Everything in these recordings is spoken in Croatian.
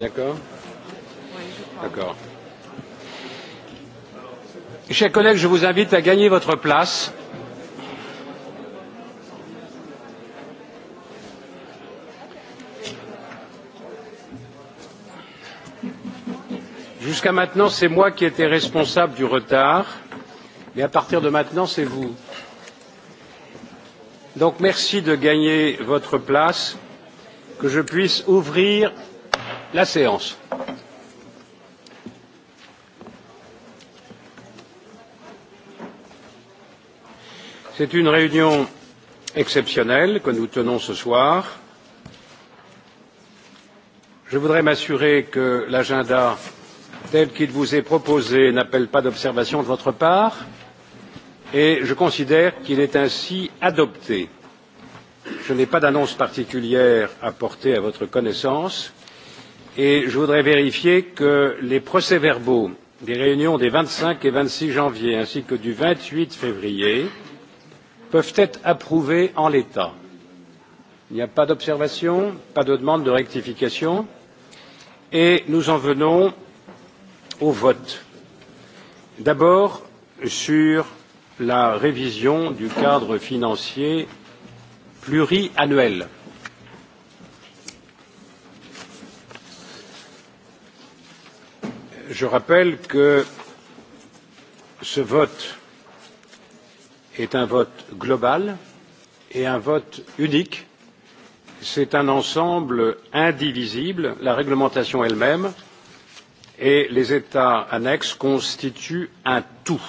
D'accord D'accord. Chers collègues, je vous invite à gagner votre place. Jusqu'à maintenant, c'est moi qui étais responsable du retard, mais à partir de maintenant, c'est vous. Donc merci de gagner votre place, que je puisse ouvrir La séance. C'est une réunion exceptionnelle que nous tenons ce soir. Je voudrais m'assurer que l'agenda tel qu'il vous est proposé n'appelle pas d'observation de votre part et je considère qu'il est ainsi adopté. Je n'ai pas d'annonce particulière à porter à votre connaissance et je voudrais vérifier que les procès verbaux des réunions des vingt cinq et vingt six janvier ainsi que du vingt huit février peuvent être approuvés en l'état. il n'y a pas d'observation pas de demande de rectification et nous en venons au vote. d'abord sur la révision du cadre financier pluriannuel je rappelle que ce vote est un vote global et un vote unique. C'est un ensemble indivisible. La réglementation elle-même et les États annexes constituent un tout.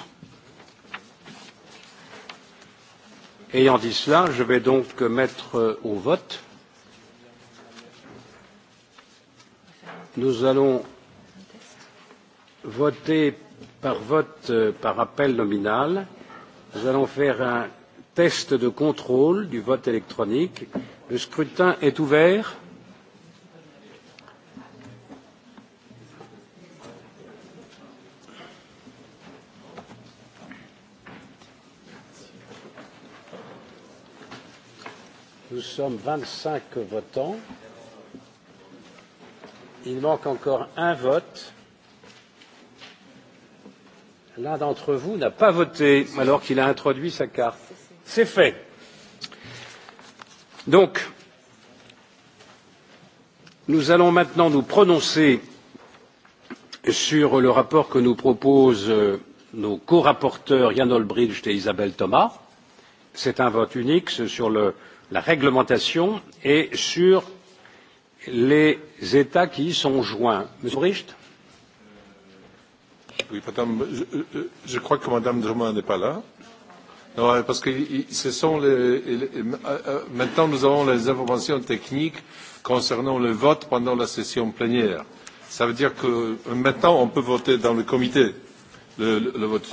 Ayant dit cela, je vais donc mettre au vote. Nous allons voter par vote euh, par appel nominal. Nous allons faire un test de contrôle du vote électronique. Le scrutin est ouvert. Nous sommes 25 votants. Il manque encore un vote l'un d'entre vous n'a pas voté alors qu'il a introduit sa carte. C'est fait. Donc, nous allons maintenant nous prononcer sur le rapport que nous proposent euh, nos corapporteurs Jan Bridge et Isabelle Thomas. C'est un vote unique sur le, la réglementation et sur les États qui y sont joints. Monsieur Oui, madame, je, je crois que madame Drummond n'est pas là. Non, euh, parce que ce sont les, les, euh, euh, maintenant nous avons les informations techniques concernant le vote pendant la session plénière. Ça veut dire que maintenant on peut voter dans le comité le, le, le vote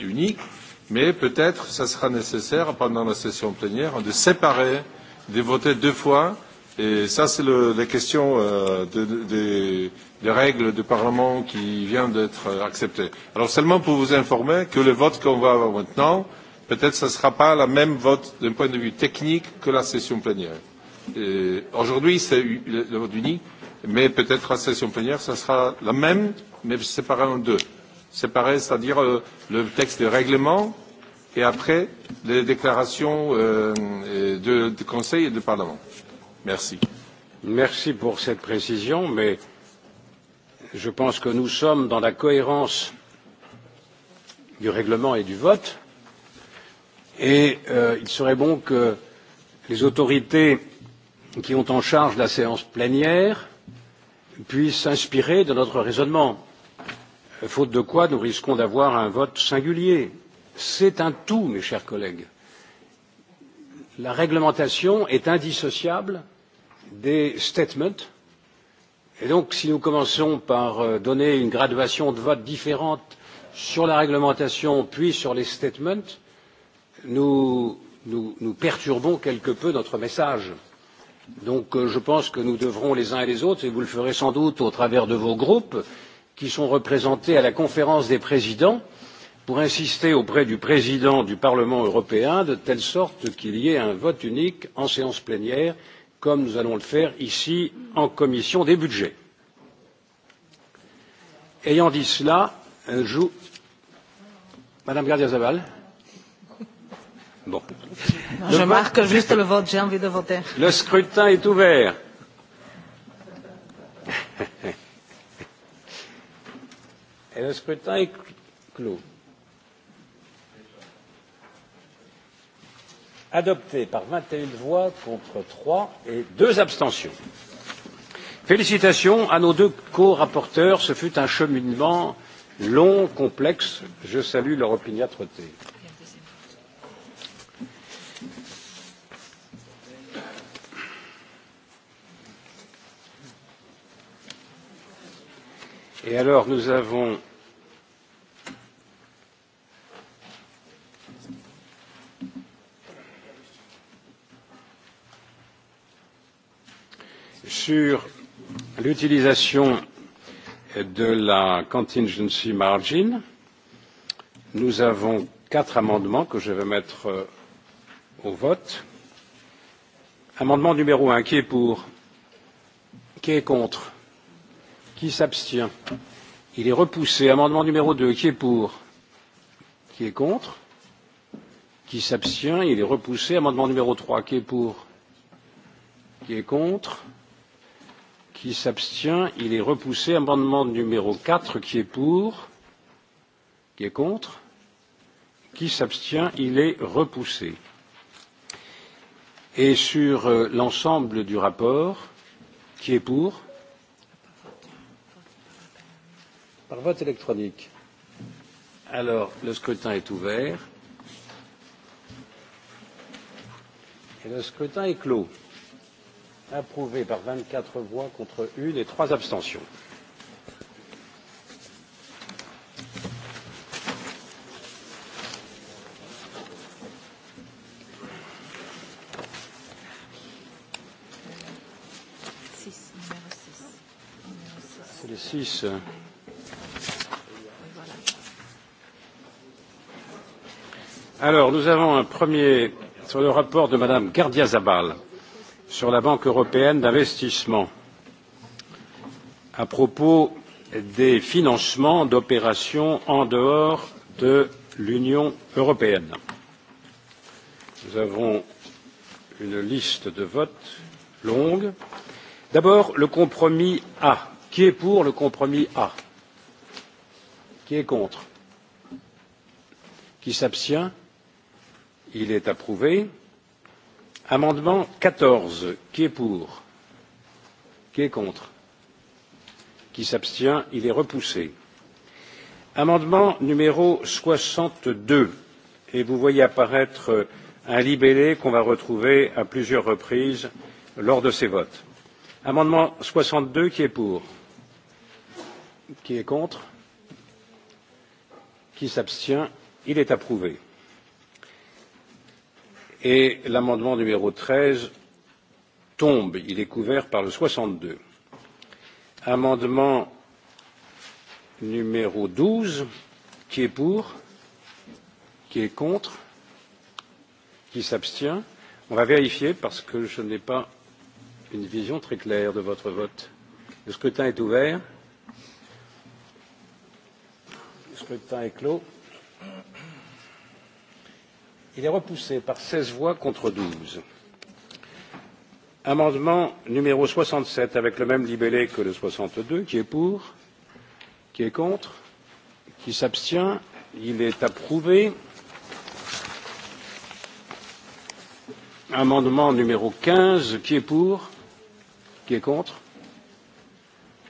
unique, mais peut-être ça sera nécessaire pendant la session plénière de séparer, de voter deux fois Et ça, c'est la question euh, des de, de règles du Parlement qui vient d'être acceptée. Alors seulement pour vous informer que le vote qu'on va avoir maintenant, peut-être ce ne sera pas le même vote d'un point de vue technique que la session plénière. Aujourd'hui, c'est le, vote unique, mais peut-être la session plénière, ce sera la même, mais séparée en deux. Séparée, c'est-à-dire euh, le texte de règlement et après les déclarations euh, du de, de Conseil et du Parlement. Merci. Merci pour cette précision, mais je pense que nous sommes dans la cohérence du règlement et du vote et euh, il serait bon que les autorités qui ont en charge la séance plénière puissent s'inspirer de notre raisonnement faute de quoi nous risquons d'avoir un vote singulier. c'est un tout mes chers collègues. la réglementation est indissociable des statements et donc si nous commençons par euh, donner une graduation de vote différente sur la réglementation puis sur les statements nous, nous, nous perturbons quelque peu notre message. donc euh, je pense que nous devrons les uns et les autres et vous le ferez sans doute au travers de vos groupes qui sont représentés à la conférence des présidents pour insister auprès du président du parlement européen de telle sorte qu'il y ait un vote unique en séance plénière comme nous allons le faire ici en commission des budgets. ayant dit cela je madame gardia zaval bon. je le marque vote... juste le vote j'ai envie de voter le scrutin est ouvert et le scrutin est clos. adopté par vingt et une voix contre trois et deux abstentions. félicitations à nos deux corapporteurs ce fut un cheminement long complexe je salue leur opiniâtreté. et alors nous avons sur l'utilisation de la contingency margin. Nous avons quatre amendements que je vais mettre euh, au vote. Amendement numéro un, qui est pour? Qui est contre? Qui s'abstient? Il est repoussé. Amendement numéro deux, qui est pour? Qui est contre? Qui s'abstient? Il est repoussé. Amendement numéro trois, qui est pour? Qui est contre? qui s'abstient il est repoussé amendement numéro 4, qui est pour qui est contre qui s'abstient il est repoussé et sur euh, l'ensemble du rapport qui est pour par vote électronique alors le scrutin est ouvert et le scrutin est clos approuvé par vingt quatre voix contre une et trois abstentions. Alors, nous avons un premier sur le rapport de Madame Gardiazabal. Zabal sur la Banque européenne d'investissement à propos des financements d'opérations en dehors de l'Union européenne. Nous avons une liste de votes longue. D'abord, le compromis A. Qui est pour le compromis A Qui est contre Qui s'abstient Il est approuvé. Amendement 14. Qui est pour Qui est contre Qui s'abstient Il est repoussé. Amendement numéro 62. Et vous voyez apparaître un libellé qu'on va retrouver à plusieurs reprises lors de ces votes. Amendement 62. Qui est pour Qui est contre Qui s'abstient Il est approuvé et l'amendement numéro 13 tombe. Il est couvert par le 62. Amendement numéro 12, qui est pour, qui est contre, qui s'abstient. On va vérifier parce que je n'ai pas une vision très claire de votre vote. Le scrutin est ouvert. Le scrutin est clos. Il est repoussé par 16 voix contre 12. Amendement numéro 67 avec le même libellé que le 62. Qui est pour Qui est contre Qui s'abstient Il est approuvé. Amendement numéro 15. Qui est pour Qui est contre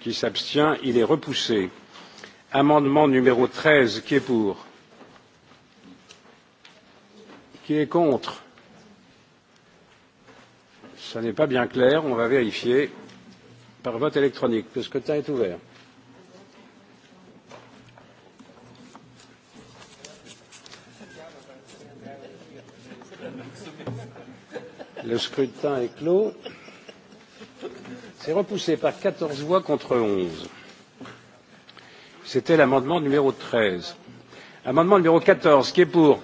Qui s'abstient Il est repoussé. Amendement numéro 13. Qui est pour Qui est contre Ça n'est pas bien clair. On va vérifier par vote électronique. Le scrutin est ouvert. Le scrutin est clos. C'est repoussé par 14 voix contre 11. C'était l'amendement numéro 13. Amendement numéro 14. Qui est pour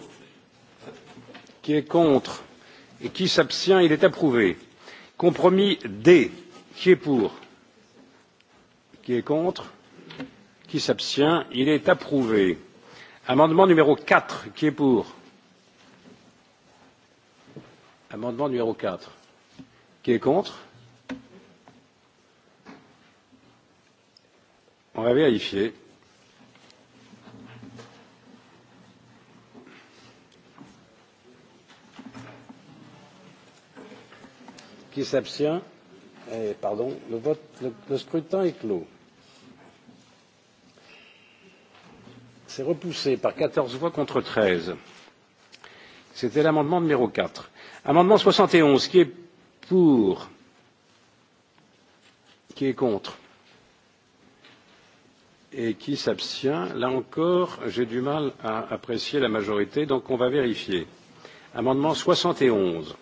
qui est contre et qui s'abstient il est approuvé compromis d qui est pour qui est contre qui s'abstient il est approuvé amendement numéro quatre qui est pour amendement numéro quatre qui est contre on va vérifier qui s'abstient eh, pardon le vote le, le scrutin est clos c'est repoussé par quatorze voix contre treize c'était l'amendement numéro quatre amendement soixante et onze qui est pour qui est contre et qui s'abstient là encore j'ai du mal à apprécier la majorité donc on va vérifier amendement soixante et onze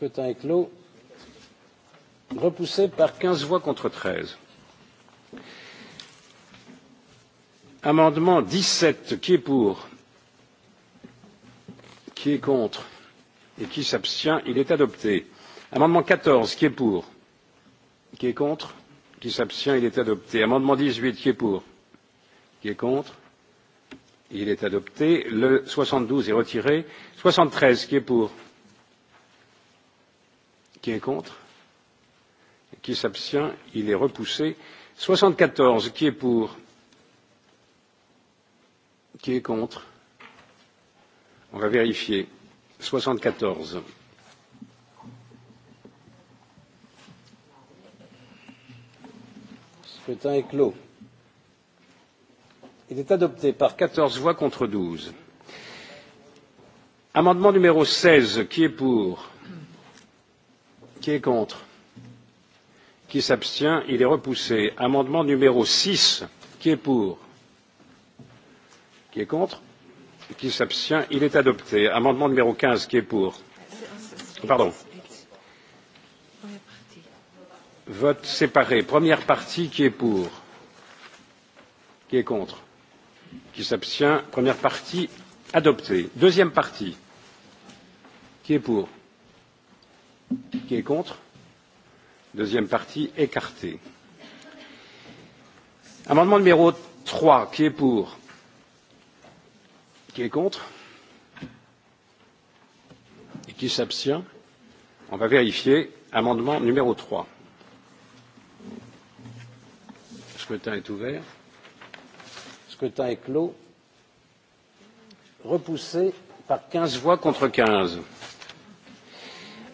scrutin est clos. Repoussé par 15 voix contre 13. Amendement 17. Qui est pour Qui est contre Et qui s'abstient Il est adopté. Amendement 14. Qui est pour Qui est contre Qui s'abstient Il est adopté. Amendement 18. Qui est pour Qui est contre Il est adopté. Le 72 est retiré. 73. Qui est pour Qui est contre Qui s'abstient Il est repoussé. Soixante quatorze, Qui est pour Qui est contre On va vérifier. 74. temps est clos. Il est adopté par 14 voix contre 12. Amendement numéro 16. Qui est pour Qui est contre Qui s'abstient Il est repoussé. Amendement numéro six, Qui est pour Qui est contre Qui s'abstient Il est adopté. Amendement numéro 15. Qui est pour Pardon. Vote séparé. Première partie. Qui est pour Qui est contre Qui s'abstient Première partie adoptée. Deuxième partie. Qui est pour Qui est contre Deuxième partie, écartée. Amendement numéro 3, qui est pour Qui est contre Et qui s'abstient On va vérifier. Amendement numéro 3. Le scrutin est ouvert. Le scrutin est clos. Repoussé par 15 voix contre 15.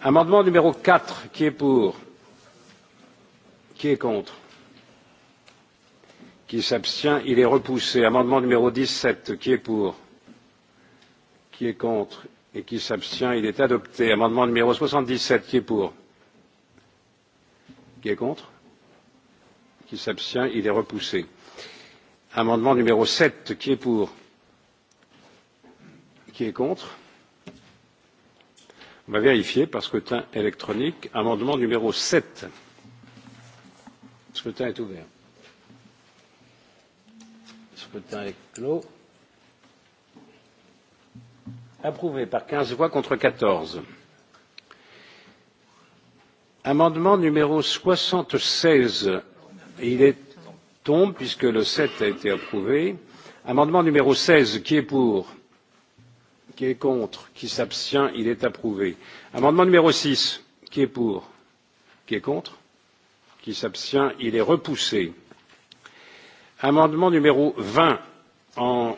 Amendement numéro 4, qui est pour Qui est contre Qui s'abstient Il est repoussé. Amendement numéro 17, qui est pour Qui est contre Et qui s'abstient Il est adopté. Amendement numéro 77, qui est pour Qui est contre Qui s'abstient Il est repoussé. Amendement numéro 7, qui est pour Qui est contre on va vérifier par scrutin électronique. Amendement numéro 7. Le scrutin est ouvert. Le scrutin est clos. Approuvé par 15 voix contre 14. Amendement numéro 76. Il est tombe puisque le 7 a été approuvé. Amendement numéro 16. Qui est pour qui est contre qui s'abstient il est approuvé amendement numéro six qui est pour qui est contre qui s'abstient il est repoussé amendement numéro vingt en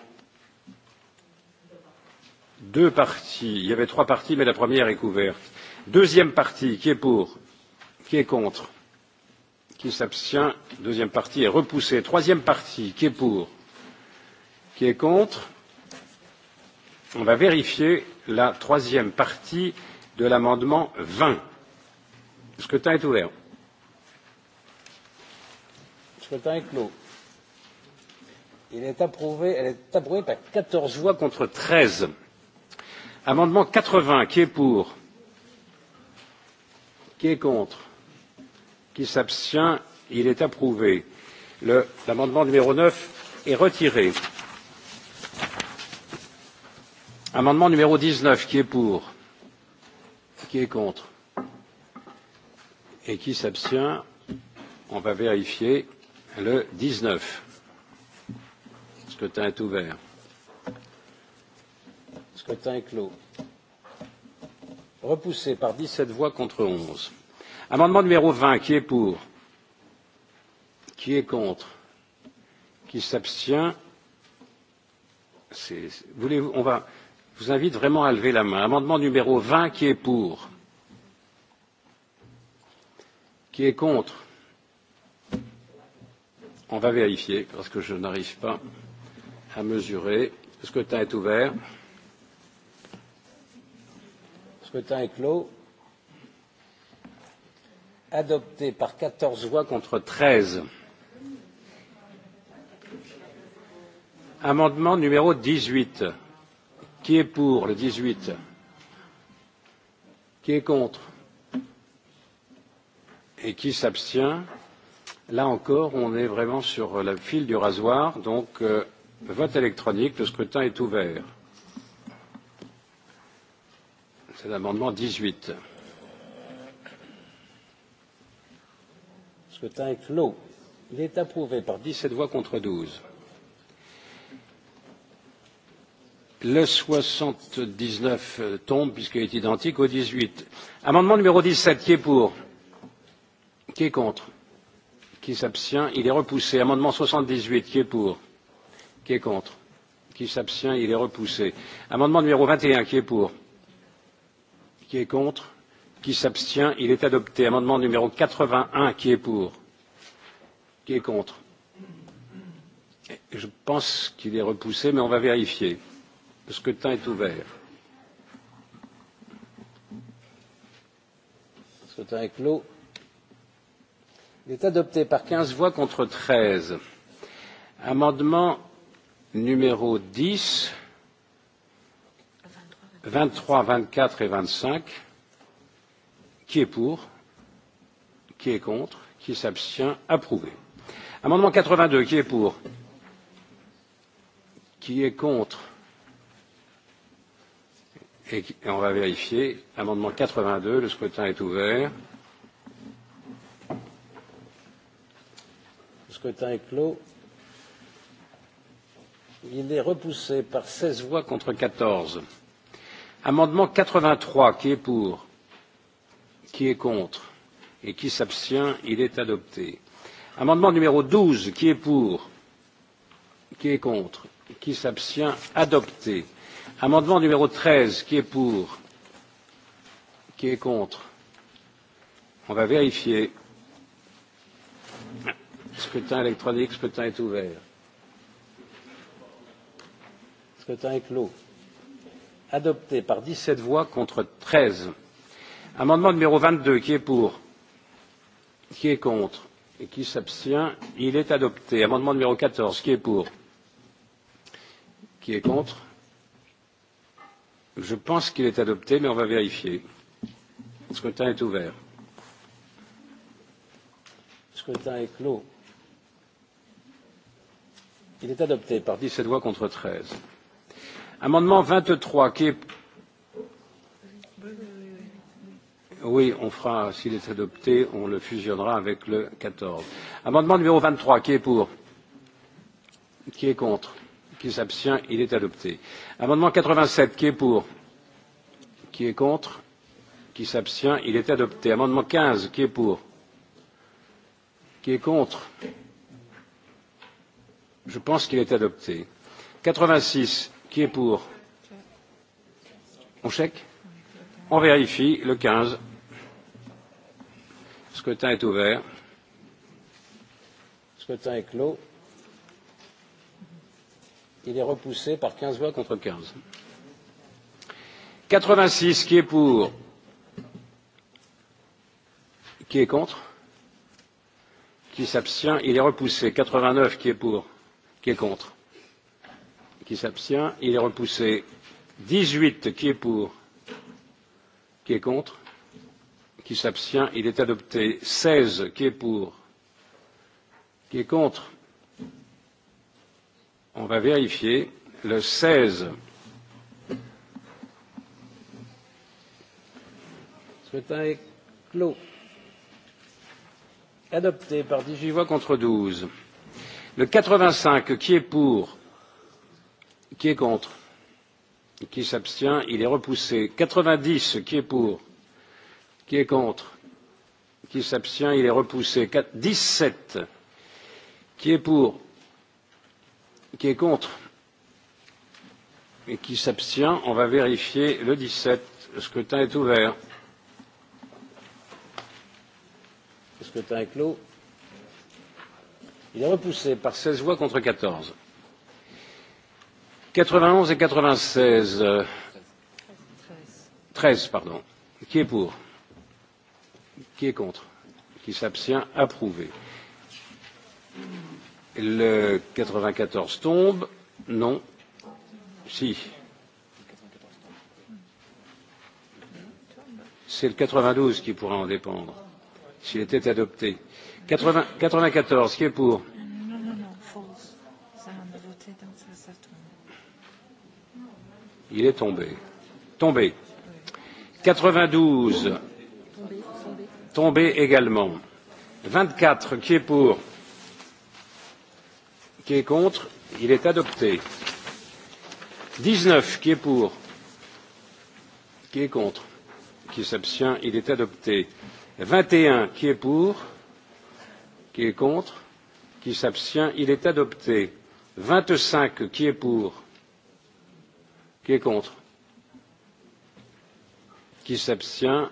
deux parties il y avait trois parties mais la première est couverte deuxième partie qui est pour qui est contre qui s'abstient deuxième partie est repoussée troisième partie qui est pour qui est contre on va vérifier la troisième partie de l'amendement 20. Le scrutin est ouvert. Le scrutin est clos. Il est approuvé, elle est approuvée par 14 voix contre 13. Amendement 80, qui est pour Qui est contre Qui s'abstient Il est approuvé. L'amendement numéro 9 est retiré. Amendement numéro 19, qui est pour Qui est contre Et qui s'abstient On va vérifier le 19. Le scrutin est ouvert. Le scrutin est clos. Repoussé par 17 voix contre 11. Amendement numéro 20, qui est pour Qui est contre Qui s'abstient c'est voulez on va vous invite vraiment à lever la main. Amendement numéro 20, qui est pour Qui est contre On va vérifier parce que je n'arrive pas à mesurer. Le scrutin est ouvert. Le scrutin est clos. Adopté par 14 voix contre 13. Amendement numéro 18. Qui est pour le dix huit? Qui est contre Et qui s'abstient Là encore, on est vraiment sur la file du rasoir. Donc, euh, vote électronique, le scrutin est ouvert. C'est l'amendement 18. Le scrutin est clos. Il est approuvé par dix sept voix contre douze. Le 79 euh, tombe puisqu'il est identique au 18. Amendement numéro 17, qui est pour Qui est contre Qui s'abstient Il est repoussé. Amendement 78, qui est pour Qui est contre Qui s'abstient Il est repoussé. Amendement numéro 21, qui est pour Qui est contre Qui s'abstient Il est adopté. Amendement numéro 81, qui est pour Qui est contre Je pense qu'il est repoussé, mais on va vérifier. Le scrutin est ouvert. Le scrutin est clos. Il est adopté par 15 voix contre 13. Amendement numéro 10, 23, 24 et 25. Qui est pour Qui est contre Qui s'abstient Approuvé. Amendement 82, qui est pour Qui est contre et on va vérifier. Amendement 82, le scrutin est ouvert. Le scrutin est clos. Il est repoussé par 16 voix contre 14. Amendement 83, qui est pour Qui est contre Et qui s'abstient Il est adopté. Amendement numéro 12, qui est pour Qui est contre Qui s'abstient Adopté. Amendement numéro 13, qui est pour Qui est contre On va vérifier. Scrutin électronique, scrutin est ouvert. Scrutin est clos. Adopté par 17 voix contre 13. Amendement numéro 22, qui est pour Qui est contre Et qui s'abstient Il est adopté. Amendement numéro 14, qui est pour Qui est contre je pense qu'il est adopté, mais on va vérifier. Le scrutin est ouvert. Le scrutin est clos. Il est adopté par 17 voix contre 13. Amendement 23, qui est... Oui, on fera, s'il est adopté, on le fusionnera avec le 14. Amendement numéro 23, qui est pour Qui est contre qui s'abstient il est adopté amendement quatre vingt sept qui est pour qui est contre qui s'abstient il est adopté amendement quinze qui est pour qui est contre je pense qu'il est adopté quatre vingt six qui est pour on chèque. on vérifie le quinze le scrutin est ouvert le scrutin est clos Il est repoussé par 15 voix contre 15. 86, qui est pour Qui est contre Qui s'abstient Il est repoussé. 89, qui est pour Qui est contre Qui s'abstient Il est repoussé. 18, qui est pour Qui est contre Qui s'abstient Il est adopté. 16, qui est pour Qui est contre on va vérifier le 16. Scrutin est clos. Adopté par 18 voix contre 12. Le 85, qui est pour Qui est contre Qui s'abstient Il est repoussé. 90, qui est pour Qui est contre Qui s'abstient Il est repoussé. 17, qui est pour qui est contre et qui s'abstient on va vérifier le dix sept le scrutin est ouvert le scrutin est clos il est repoussé par seize voix contre quatorze quatre vingt onze et quatre vingt seize euh, treize pardon qui est pour qui est contre qui s'abstient approuvé Le 94 tombe Non. Si. C'est le 92 qui pourra en dépendre, s'il était adopté. 80, 94, qui est pour Non, non, non, false. Ça, a voté, donc ça, ça tombe. Il est tombé. Tombé. 92. tombé également. 24, qui est pour Qui est contre Il est adopté. 19. Qui est pour Qui est contre Qui s'abstient Il est adopté. 21. Qui est pour Qui est contre Qui s'abstient Il est adopté. 25. Qui est pour Qui est contre Qui s'abstient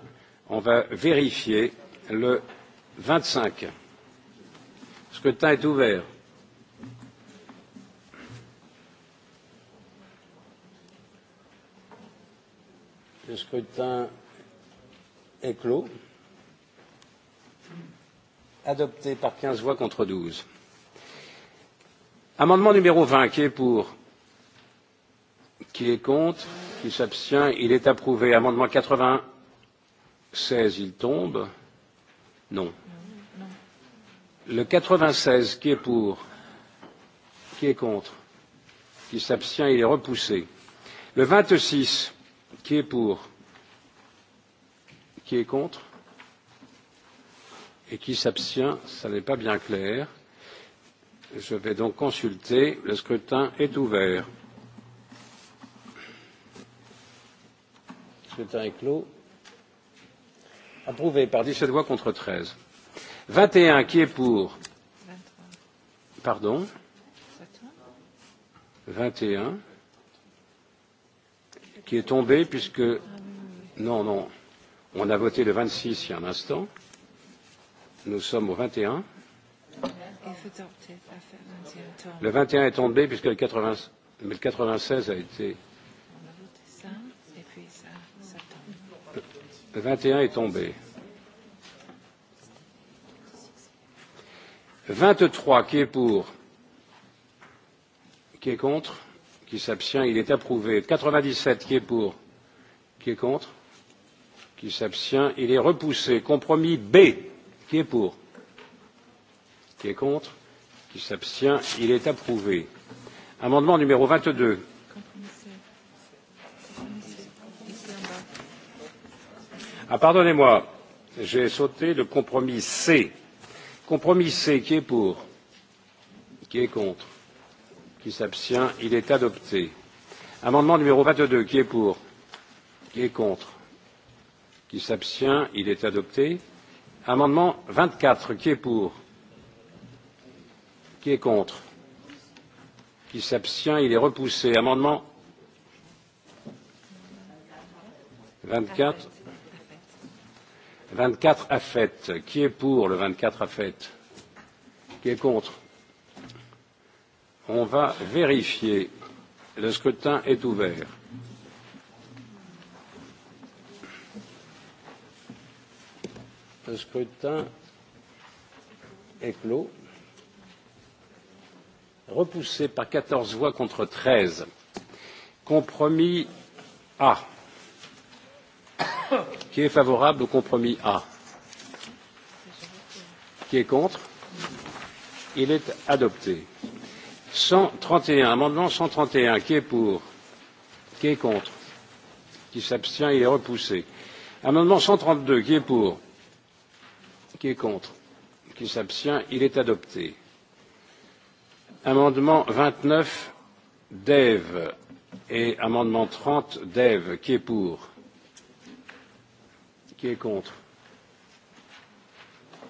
On va vérifier le 25. Le scrutin est ouvert. Le scrutin est clos. Adopté par 15 voix contre 12. Amendement numéro 20, qui est pour Qui est contre Qui s'abstient Il est approuvé. Amendement 96, il tombe Non. Le 96, qui est pour Qui est contre Qui s'abstient Il est repoussé. Le 26, Qui est pour Qui est contre Et qui s'abstient Ça n'est pas bien clair. Je vais donc consulter. Le scrutin est ouvert. Le scrutin est clos. Approuvé par 17 voix contre 13. 21. Qui est pour Pardon 21 qui est tombé puisque non, non, on a voté le 26 il y a un instant. Nous sommes au 21. Le 21 est tombé puisque le, 80, mais le 96 a été. Le 21 est tombé. 23 qui est pour, qui est contre, qui s'abstient il est approuvé quatre vingt dix sept qui est pour qui est contre qui s'abstient il est repoussé compromis b qui est pour qui est contre qui s'abstient il est approuvé amendement numéro vingt deux ah pardonnez moi j'ai sauté le compromis c compromis c qui est pour qui est contre qui s'abstient il est adopté amendement numéro 22 qui est pour qui est contre qui s'abstient il est adopté amendement 24 qui est pour qui est contre qui s'abstient il est repoussé amendement 24 24 à fait qui est pour le 24 à fait qui est contre on va vérifier. Le scrutin est ouvert. Le scrutin est clos. Repoussé par 14 voix contre 13. Compromis A. Qui est favorable au compromis A Qui est contre Il est adopté. Cent un. amendement un qui est pour Qui est contre Qui s'abstient Il est repoussé. Amendement deux, qui est pour Qui est contre Qui s'abstient Il est adopté. Amendement vingt-neuf dev Et amendement trente Dev. Qui est pour Qui est contre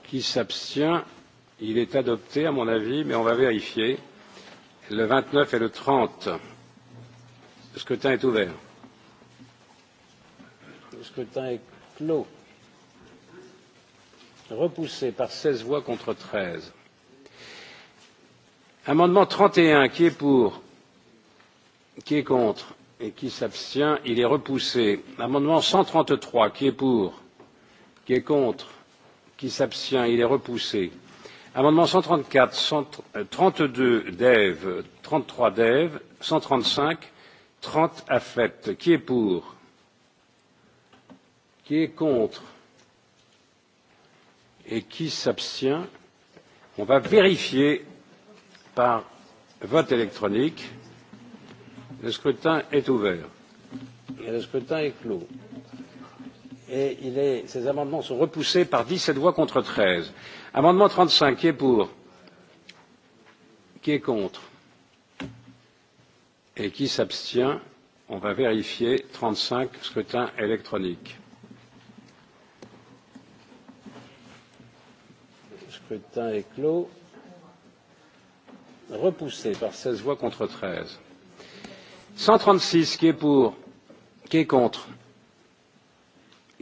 Qui s'abstient Il est adopté, à mon avis, mais on va vérifier le 29 et le 30. Le scrutin est ouvert. Le scrutin est clos. Repoussé par 16 voix contre 13. Amendement 31, qui est pour Qui est contre Et qui s'abstient Il est repoussé. Amendement 133, qui est pour Qui est contre Qui s'abstient Il est repoussé. Amendements 134, dev, trente trois 33 cent 135, 30 trente Qui est pour Qui est contre Et qui s'abstient On va vérifier par vote électronique. Le scrutin est ouvert. Et le scrutin est clos et ces amendements sont repoussés par dix sept voix contre treize. Amendement trente cinq, qui est pour? Qui est contre? Et qui s'abstient? On va vérifier trente cinq scrutin électronique. Scrutin est clos. Repoussé par seize voix contre treize. Cent trente six, qui est pour? Qui est contre?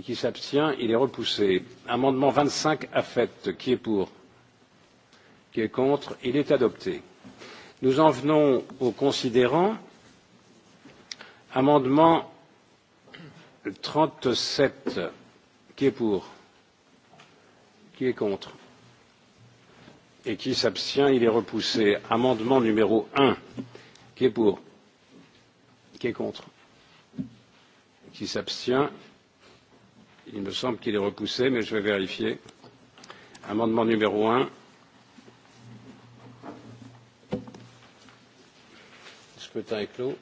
qui s'abstient, il est repoussé. Amendement 25 à fait, qui est pour, qui est contre, il est adopté. Nous en venons au considérant. Amendement trente sept, qui est pour, qui est contre et qui s'abstient, il est repoussé. Amendement numéro un qui est pour, qui est contre, qui s'abstient, Il me semble qu'il est repoussé, mais je vais vérifier. Amendement numéro 1. Le scrutin est clos.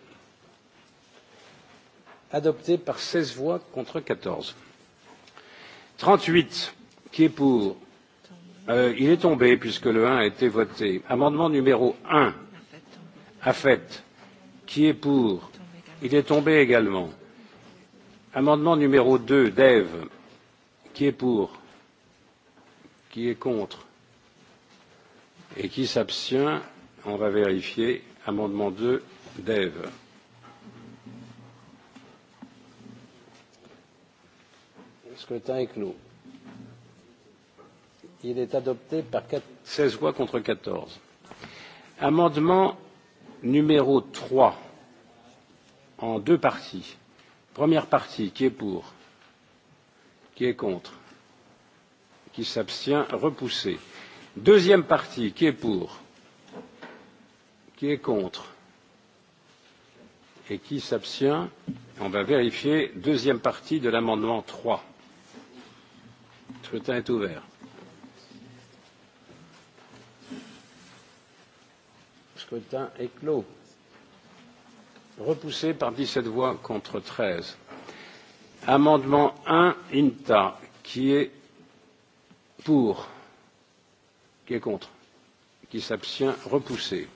Adopté par 16 voix contre 14. 38. Qui est pour euh, Il est tombé puisque le 1 a été voté. Amendement numéro 1. A fait. Qui est pour Il est tombé également. Amendement numéro 2, Dave. Qui est pour Qui est contre Et qui s'abstient On va vérifier. Amendement 2, DEV. Le scrutin est clos. Il est adopté par 4... 16 voix contre 14. Amendement numéro 3, en deux parties. Première partie, qui est pour Qui est contre Qui s'abstient Repoussé. Deuxième partie, qui est pour Qui est contre Et qui s'abstient On va vérifier. Deuxième partie de l'amendement 3. Le scrutin est ouvert. Le scrutin est clos repoussé par dix sept voix contre treize amendement un inta qui est pour qui est contre qui s'abstient repoussé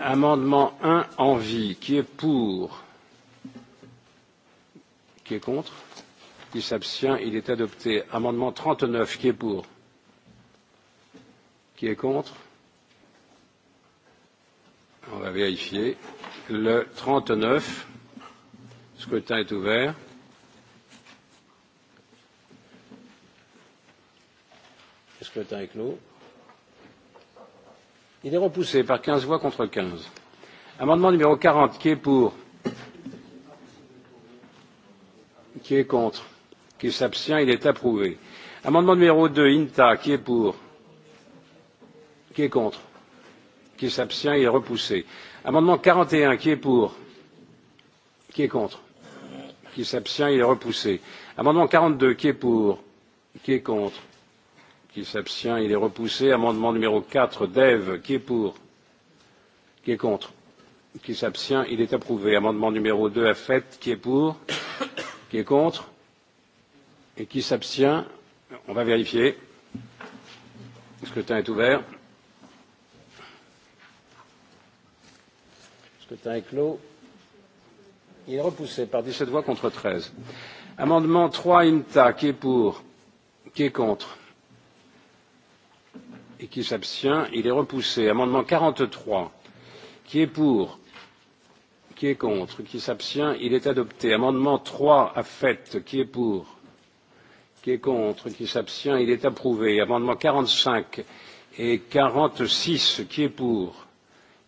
amendement un envie qui est pour qui est contre qui s'abstient il est adopté amendement trente neuf qui est pour qui est contre on va vérifier. Le 39. Scrutin est ouvert. Le scrutin est clos. Il est repoussé par 15 voix contre 15. Amendement numéro 40. Qui est pour Qui est contre Qui s'abstient Il est approuvé. Amendement numéro 2. INTA. Qui est pour Qui est contre qui s'abstient il est repoussé amendement quarante et un qui est pour qui est contre qui s'abstient il est repoussé amendement quarante deux qui est pour qui est contre qui s'abstient il est repoussé amendement numéro quatre Dev, qui est pour qui est contre qui s'abstient il est approuvé amendement numéro deux à fait qui est pour qui est contre et qui s'abstient on va vérifier le scrutin est ouvert Scrutin est clos. Il est repoussé par 17 voix contre 13. Amendement 3 INTA, qui est pour Qui est contre Et qui s'abstient Il est repoussé. Amendement 43, qui est pour Qui est contre Qui s'abstient Il est adopté. Amendement 3 à fait, qui est pour Qui est contre Qui s'abstient Il est approuvé. Amendement 45 et 46, qui est pour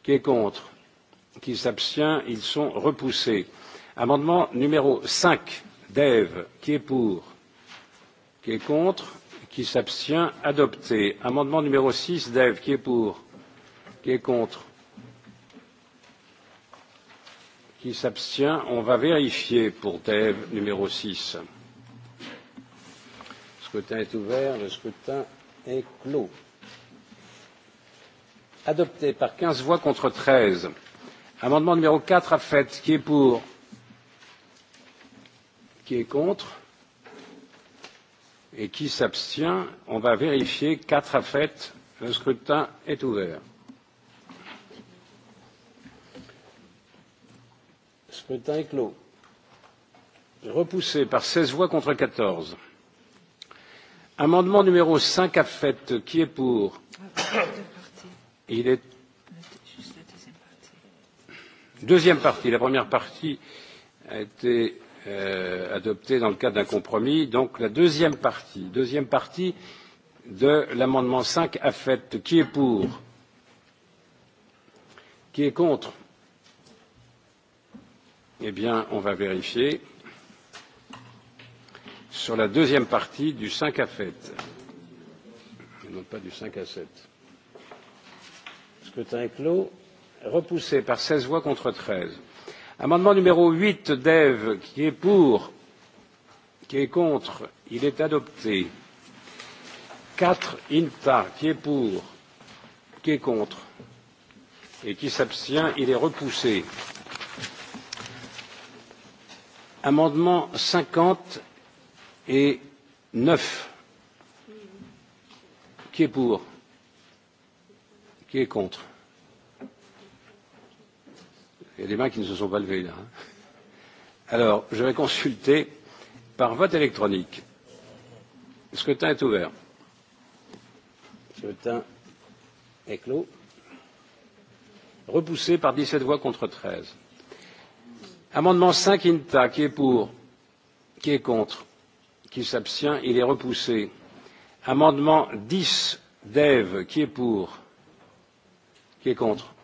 Qui est contre qui s'abstient ils sont repoussés amendement numéro cinq d'eve qui est pour qui est contre qui s'abstient adopté amendement numéro six d'eve qui est pour qui est contre qui s'abstient on va vérifier pour dev numéro six le scrutin est ouvert le scrutin est clos adopté par quinze voix contre treize Amendement numéro 4 à fait. Qui est pour Qui est contre Et qui s'abstient On va vérifier. 4 à fait. Le scrutin est ouvert. Le scrutin est clos. Repoussé par 16 voix contre 14. Amendement numéro 5 à fait. Qui est pour Il est Deuxième partie, la première partie a été euh, adoptée dans le cadre d'un compromis. Donc la deuxième partie, deuxième partie de l'amendement 5 à fait. Qui est pour Qui est contre Eh bien, on va vérifier sur la deuxième partie du 5 à Et non pas du 5 à 7. Scrutin est clos repoussé par seize voix contre treize. Amendement numéro huit d'Ève, qui est pour, qui est contre, il est adopté. Quatre INTA, qui est pour, qui est contre et qui s'abstient, il est repoussé. Amendement cinquante et neuf. Qui est pour Qui est contre Il y a des mains qui ne se sont pas levées là. Alors, je vais consulter par vote électronique. Le scrutin est ouvert. Le scrutin est clos. Repoussé par 17 voix contre 13. Amendement 5 INTA, qui est pour Qui est contre Qui s'abstient Il est repoussé. Amendement 10 DEV, qui est pour Qui est contre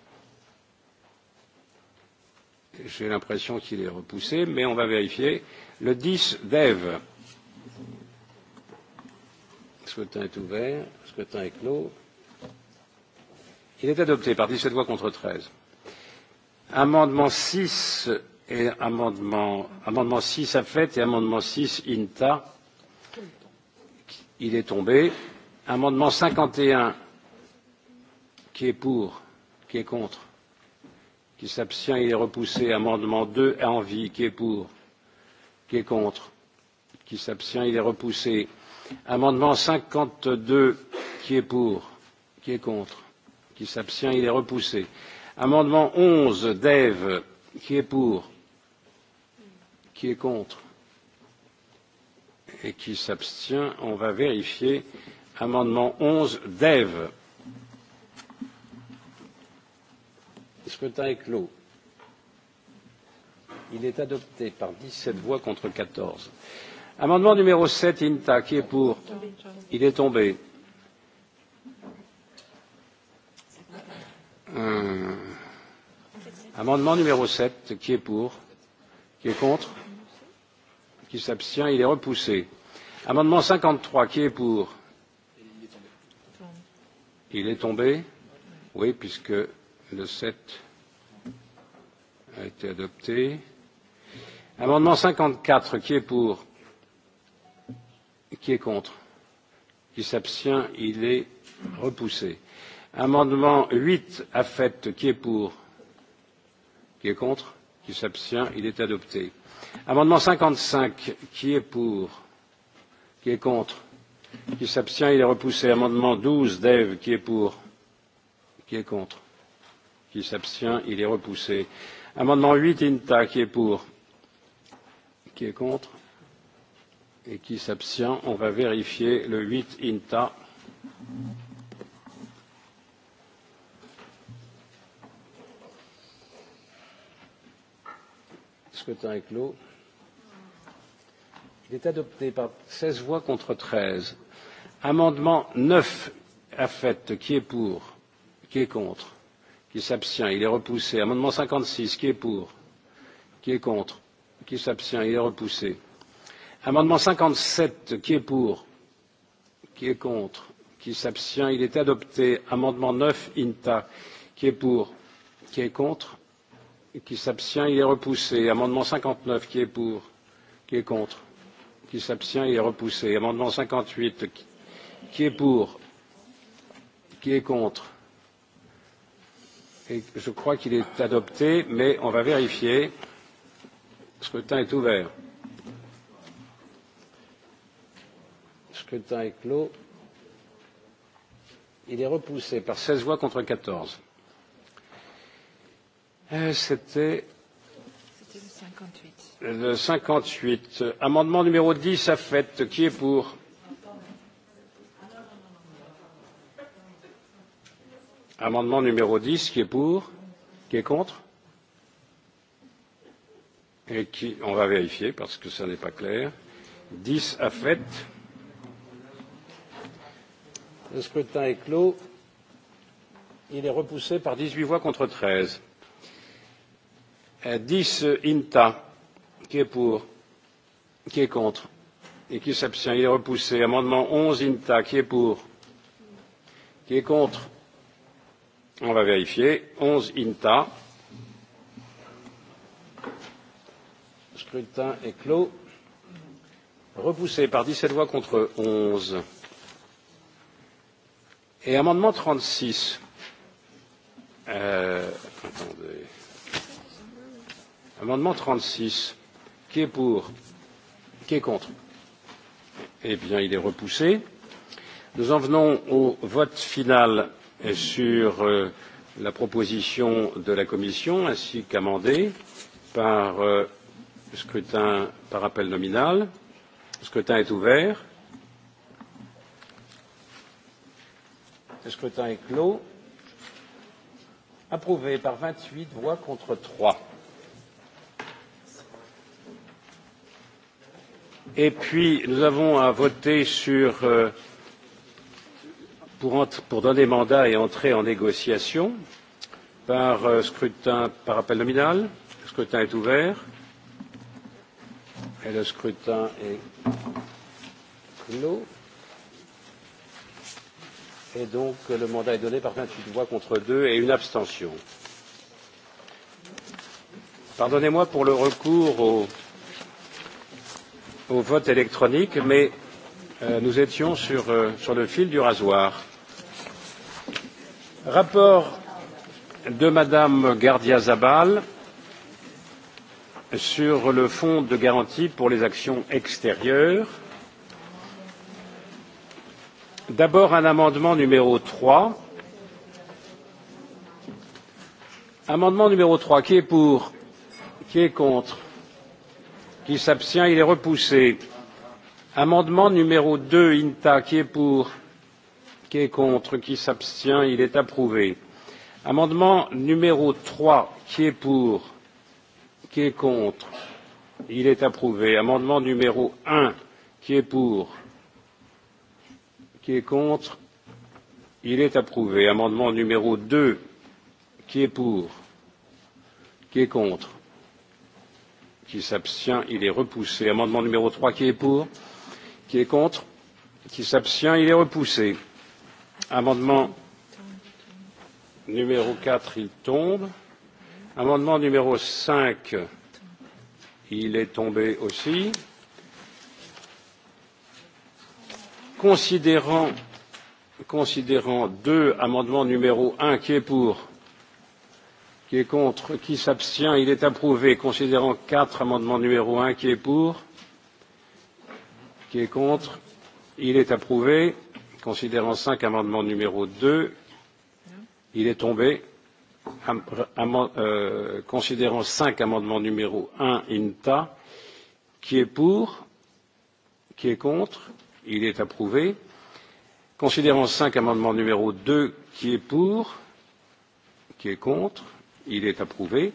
J'ai l'impression qu'il est repoussé, mais on va vérifier. Le 10 d'Ève. Le scrutin est ouvert. Le scrutin est clos. Il est adopté par 17 voix contre 13. Amendement 6 et amendement, amendement 6 à fait et amendement 6 INTA. Il est tombé. Amendement 51 qui est pour, qui est contre qui s'abstient, il est repoussé. Amendement 2, vie, qui est pour, qui est contre, qui s'abstient, il est repoussé. Amendement 52, qui est pour, qui est contre, qui s'abstient, il est repoussé. Amendement 11, dev, qui est pour, qui est contre et qui s'abstient, on va vérifier. Amendement 11, dev. scrutin est clos. Il est adopté par dix sept voix contre quatorze. Amendement numéro sept, INTA, qui est pour? Il est tombé. Hum. Amendement numéro sept, qui est pour? Qui est contre? Qui s'abstient? Il est repoussé. Amendement cinquante trois, qui est pour? Il est tombé, oui, puisque le sept a été adopté. Amendement 54, qui est pour Qui est contre Qui s'abstient Il est repoussé. Amendement 8, affect, qui est pour Qui est contre Qui s'abstient Il est adopté. Amendement 55, qui est pour Qui est contre Qui s'abstient Il est repoussé. Amendement 12, DEV, qui est pour Qui est contre Qui s'abstient Il est repoussé. Amendement 8, INTA, qui est pour Qui est contre Et qui s'abstient On va vérifier le 8, INTA. Scrutin est clos. Il est adopté par 16 voix contre 13. Amendement 9, AFET, qui est pour Qui est contre qui s'abstient il est repoussé amendement 56 qui est pour qui est contre qui s'abstient il est repoussé amendement 57 qui est pour qui est contre qui s'abstient il est adopté amendement 9 inta qui est pour qui est contre qui s'abstient il est repoussé amendement 59 qui est pour qui est contre qui s'abstient il est repoussé amendement 58 qui est pour qui est contre Et je crois qu'il est adopté, mais on va vérifier. Le scrutin est ouvert. Le scrutin est clos. Il est repoussé par 16 voix contre 14. Euh, c'était le 58. Le 58. Amendement numéro 10 à fait. Qui est pour Amendement numéro 10, qui est pour, qui est contre et qui, on va vérifier parce que ça n'est pas clair. 10 à fait. Le scrutin est clos. Il est repoussé par 18 voix contre 13. Et 10 INTA, qui est pour, qui est contre et qui s'abstient. Il est repoussé. Amendement 11 INTA, qui est pour, qui est contre on va vérifier. 11 INTA. Scrutin est clos. Repoussé par 17 voix contre 11. Et amendement 36. Euh, attendez. Amendement 36. Qui est pour Qui est contre Eh bien, il est repoussé. Nous en venons au vote final sur euh, la proposition de la Commission ainsi qu'amendée par euh, scrutin par appel nominal. Le scrutin est ouvert. Le scrutin est clos. Approuvé par vingt-huit voix contre trois. Et puis, nous avons à voter sur euh, pour, donner mandat et entrer en négociation par euh, scrutin par appel nominal. Le scrutin est ouvert. Et le scrutin est clos. Et donc le mandat est donné par 28 voix contre 2 et une abstention. Pardonnez-moi pour le recours au, au vote électronique, mais euh, nous étions sur, euh, sur le fil du rasoir. Rapport de Madame Gardia Zabal sur le Fonds de garantie pour les actions extérieures. D'abord un amendement numéro 3. Amendement numéro trois Qui est pour Qui est contre Qui s'abstient Il est repoussé. Amendement numéro 2, INTA. Qui est pour qui est contre qui s'abstient il est approuvé amendement numéro trois qui est pour qui est contre il est approuvé amendement numéro un qui est pour qui est contre il est approuvé amendement numéro deux qui est pour qui est contre qui s'abstient il est repoussé amendement numéro trois qui est pour qui est contre qui s'abstient il est repoussé Amendement numéro quatre, il tombe. Amendement numéro cinq, il est tombé aussi. Considérant, considérant deux amendements numéro un qui est pour qui est contre, qui s'abstient, il est approuvé. Considérant quatre, amendements numéro un qui est pour, qui est contre, il est approuvé. Considérant cinq amendements numéro 2, il est tombé. Euh, considérant cinq amendements numéro 1, INTA, qui est pour, qui est contre, il est approuvé. Considérant cinq amendements numéro 2, qui est pour, qui est contre, il est approuvé.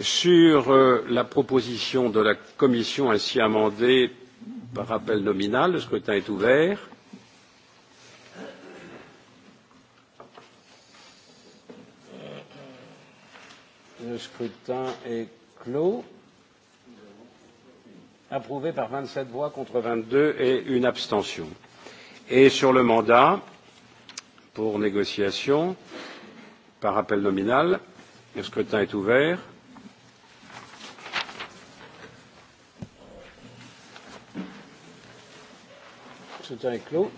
Sur euh, la proposition de la Commission ainsi amendée par appel nominal, le scrutin est ouvert. Le scrutin est clos. Approuvé par 27 voix contre 22 et une abstention. Et sur le mandat pour négociation, par appel nominal, le scrutin est ouvert. Le scrutin est clos.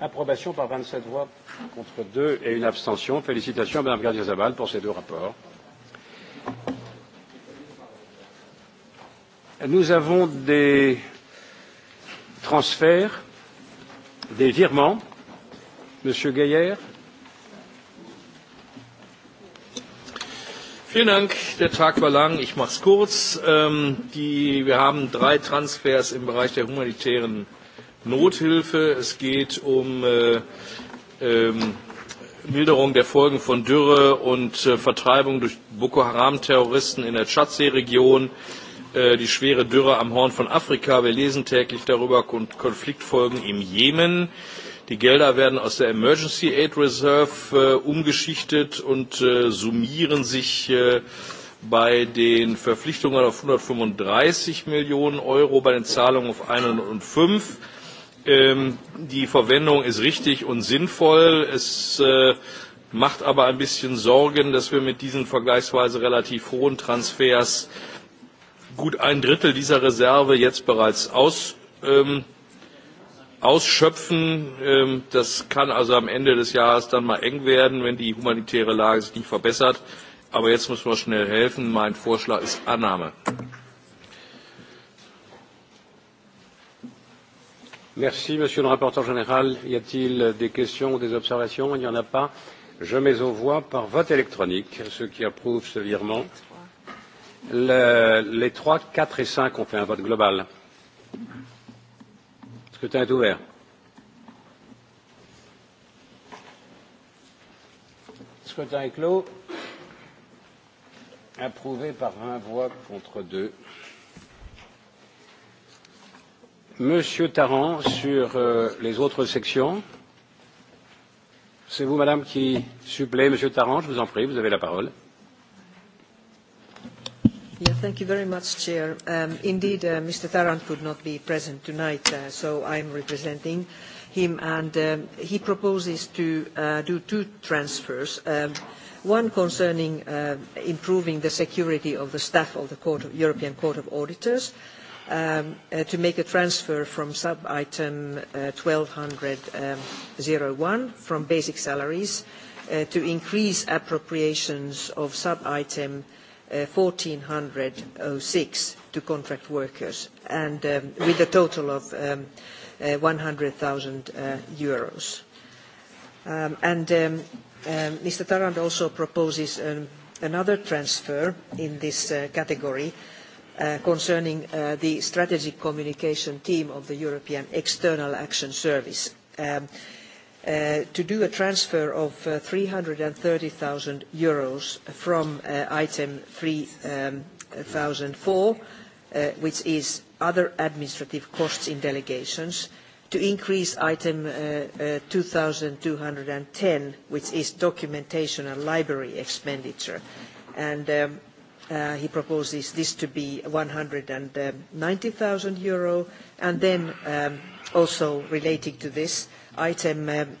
Approbation par 27 voix contre deux et une abstention. Félicitations à Mme Gardiazabal pour ces deux rapports. Nous avons des transferts, des virements. Monsieur Gaillard. Vielen Dank. Der Tag war lang. Ich mache es kurz. Ähm, die, wir haben drei Transfers im Bereich der humanitären Nothilfe. Es geht um äh, Ähm, Milderung der Folgen von Dürre und äh, Vertreibung durch Boko Haram Terroristen in der Tschadsee-Region, äh, die schwere Dürre am Horn von Afrika. Wir lesen täglich darüber Konfliktfolgen im Jemen. Die Gelder werden aus der Emergency Aid Reserve äh, umgeschichtet und summieren sich bei den Verpflichtungen auf 135 Millionen Euro, bei den Zahlungen auf 105 Millionen Ähm, die Verwendung ist richtig und sinnvoll. Es äh, macht aber ein bisschen Sorgen, dass wir mit diesen vergleichsweise relativ hohen Transfers gut ein Drittel dieser Reserve jetzt bereits ähm, ausschöpfen. Ähm, das kann also am Ende des Jahres dann mal eng werden, wenn die humanitäre Lage sich nicht verbessert. Aber jetzt muss wir schnell helfen. Mein Vorschlag ist Annahme. Merci, monsieur le rapporteur général. Y a-t-il des questions ou des observations Il n'y en a pas. Je mets aux voix par vote électronique ceux qui approuvent ce virement. Le, les 3, 4 et 5 ont fait un vote global. Le scrutin est ouvert. Le scrutin est clos. Approuvé par un voix contre deux. Monsieur Tarrant, sur euh, les autres sections. C'est vous, madame, qui supplée Monsieur Tarrant. Je vous en prie, vous avez la parole. Yeah, thank you very much, Chair. Um, indeed, uh, Mr. Tarrant could not be present tonight, uh, so I'm representing him, and um, he proposes to uh, do two transfers. Um, one concerning um, improving the security of the staff of the Court of, European Court of Auditors, Um, uh, to make a transfer from sub-item 1200.01 uh, um, from basic salaries uh, to increase appropriations of sub-item 1400.06 to contract workers and um, with a total of 100,000 euros. And Mr. Tarand also proposes another transfer in this category Uh, concerning uh, the strategic communication team of the European External Action Service um, uh, to do a transfer of EUR 330,000 euros from item 3004, um, which is other administrative costs in delegations, to increase item 2210, which is documentation and library expenditure. And um, Uh, he proposes this to be EUR one hundred and ninety and then um, also relating to this item um,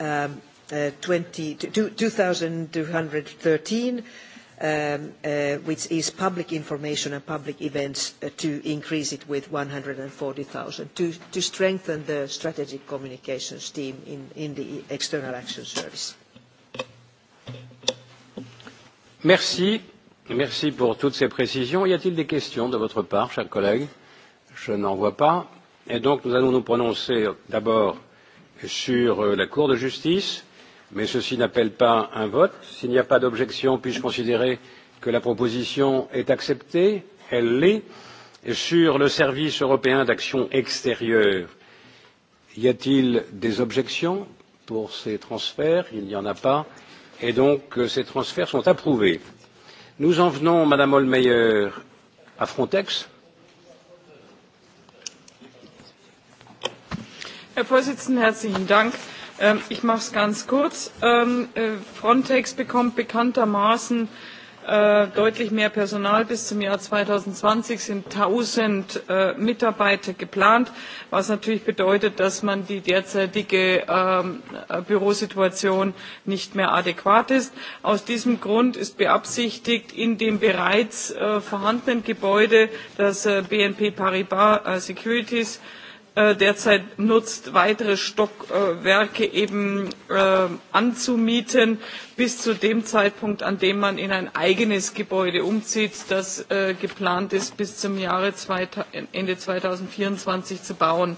um, uh, two hundred thirteen uh, which is public information and public events to increase it with one hundred and forty to strengthen the strategic communications team in, in the external action service. Merci. Merci pour toutes ces précisions. Y a-t-il des questions de votre part, chers collègues Je n'en vois pas. Et donc, nous allons nous prononcer d'abord sur euh, la Cour de justice, mais ceci n'appelle pas un vote. S'il n'y a pas d'objection, puis-je considérer que la proposition est acceptée Elle l'est. Sur le service européen d'action extérieure, y a-t-il des objections pour ces transferts Il n'y en a pas. Et donc, euh, ces transferts sont approuvés. Nous en venons, Madame Holmeyer, à Frontex. Herr Präsident, herzlichen Dank. Ähm, ich mache es ganz kurz. Ähm, äh, Frontex bekommt bekanntermaßen Äh, deutlich mehr personal bis zum jahr 2020 sind tausend äh, mitarbeiter geplant was natürlich bedeutet dass man die derzeitige ähm, äh, bürosituation nicht mehr adäquat ist. aus diesem grund ist beabsichtigt in dem bereits vorhandenen gebäude das bnp paribas securities Äh, derzeit nutzt, weitere Stockwerke eben äh, anzumieten, bis zu dem Zeitpunkt, an dem man in ein eigenes Gebäude umzieht, das äh, geplant ist, bis zum Jahre Ende 2024 zu bauen.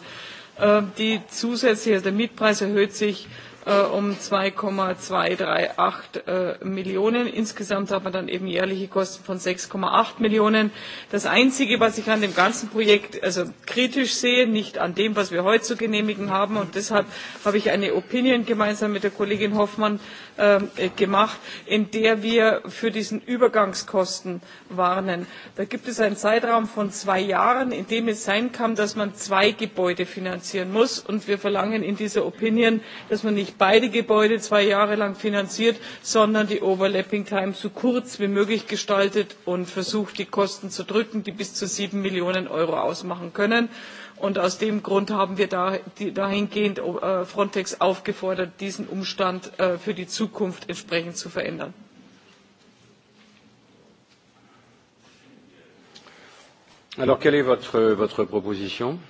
Die zusätzliche, der Mietpreis erhöht sich Äh, um 2,238 äh, Millionen. Insgesamt hat man dann eben jährliche Kosten von 6,8 Millionen. Das Einzige, was ich an dem ganzen Projekt also kritisch sehe, nicht an dem, was wir heute zu genehmigen haben, und deshalb habe ich eine Opinion gemeinsam mit der Kollegin Hoffmann äh, gemacht, in der wir für diesen Übergangskosten warnen. Da gibt es einen Zeitraum von zwei Jahren, in dem es sein kann, dass man zwei Gebäude finanzieren muss. Und wir verlangen in dieser Opinion, dass man nicht nicht beide Gebäude zwei Jahre lang finanziert, sondern die Overlapping Time so kurz wie möglich gestaltet und versucht, die Kosten zu drücken, die bis zu sieben Millionen Euro ausmachen können. aus dem Grund haben wir dahingehend äh, Frontex aufgefordert, diesen Umstand äh, für die Zukunft entsprechend zu verändern. Alors, quelle est votre proposition?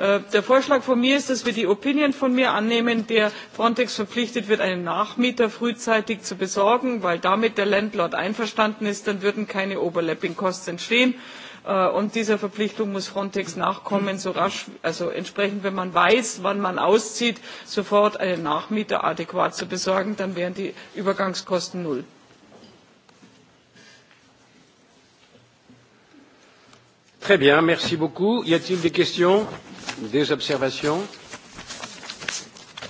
Äh, der vorschlag von mir ist dass wir die opinion von mir annehmen der frontex verpflichtet wird einen nachmieter frühzeitig zu besorgen weil damit der landlord einverstanden ist dann würden keine overlapping costs entstehen äh, und dieser verpflichtung muss frontex nachkommen so rasch also entsprechend wenn man weiß wann man auszieht sofort einen nachmieter adäquat zu besorgen dann wären die übergangskosten null. Très bien, merci beaucoup. Y a-t-il des questions Des observations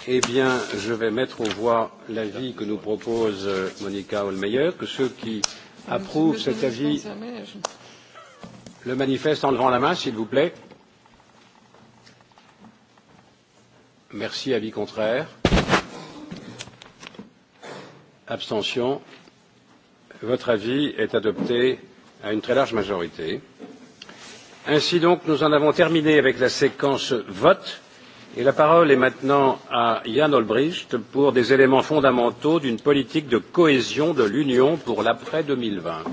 Eh bien, je vais mettre aux voix l'avis que nous propose euh, Monica Holmeyer, que ceux qui approuvent cet avis le manifestent en levant la main, s'il vous plaît. Merci, avis contraire. Abstention. Votre avis est adopté à une très large majorité. Ainsi donc, nous en avons terminé avec la séquence vote et la parole est maintenant à Jan Olbricht pour des éléments fondamentaux d'une politique de cohésion de l'Union pour l'après 2020.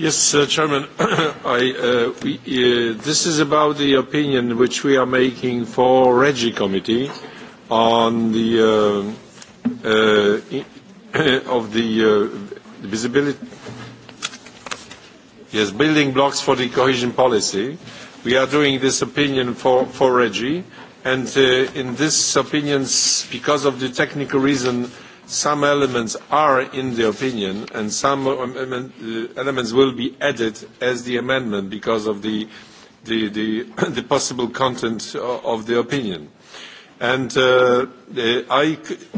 Yes, uh, Chairman, I, uh, uh, this is about the opinion which we are making for Regi Committee on the uh, of the visibility yes building blocks for the cohesion policy we are doing this opinion for for regi and uh, in this opinion because of the technical reason some elements are in the opinion and some um, uh, elements will be added as the amendment because of the possible content of the opinion and uh, I,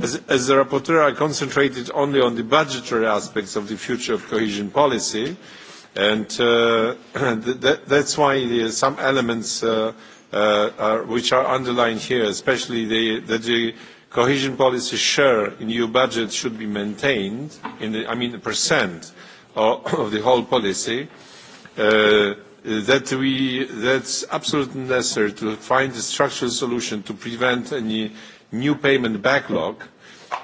as, as rapporteur i concentrated only on the budgetary aspects of the future of cohesion policy And uh, that, that's why some elements uh, uh, which are underlined here, especially that the cohesion policy share in EU budget should be maintained, in the, I mean the percent of, the whole policy, that we that's absolutely necessary to find a structural solution to prevent any new payment backlog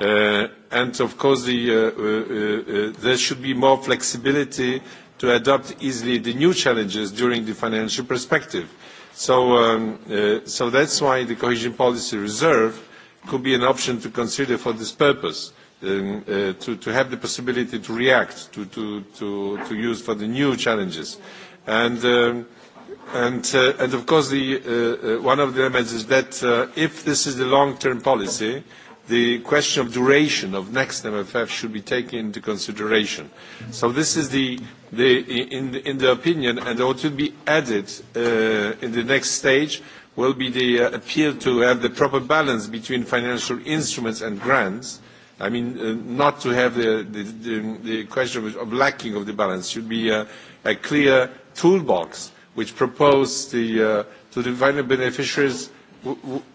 and of course the, there should be more flexibility to adapt easily the new challenges during the financial perspective. So, um, uh, so that's why the cohesion policy reserve could be an option to consider for this purpose, um, uh, to, to have the possibility to react, to, to, to, to use for the new challenges. And, um, and, uh, and of course, the, uh, one of the elements is that if this is the long-term policy, the question of duration of next MFF should be taken into consideration. So this is the, in, the opinion, and what should be added uh, in the next stage will be the uh, appeal to have the proper balance between financial instruments and grants. I mean, uh, not to have the, question of lacking of the balance should be a, clear toolbox which proposes to the final beneficiaries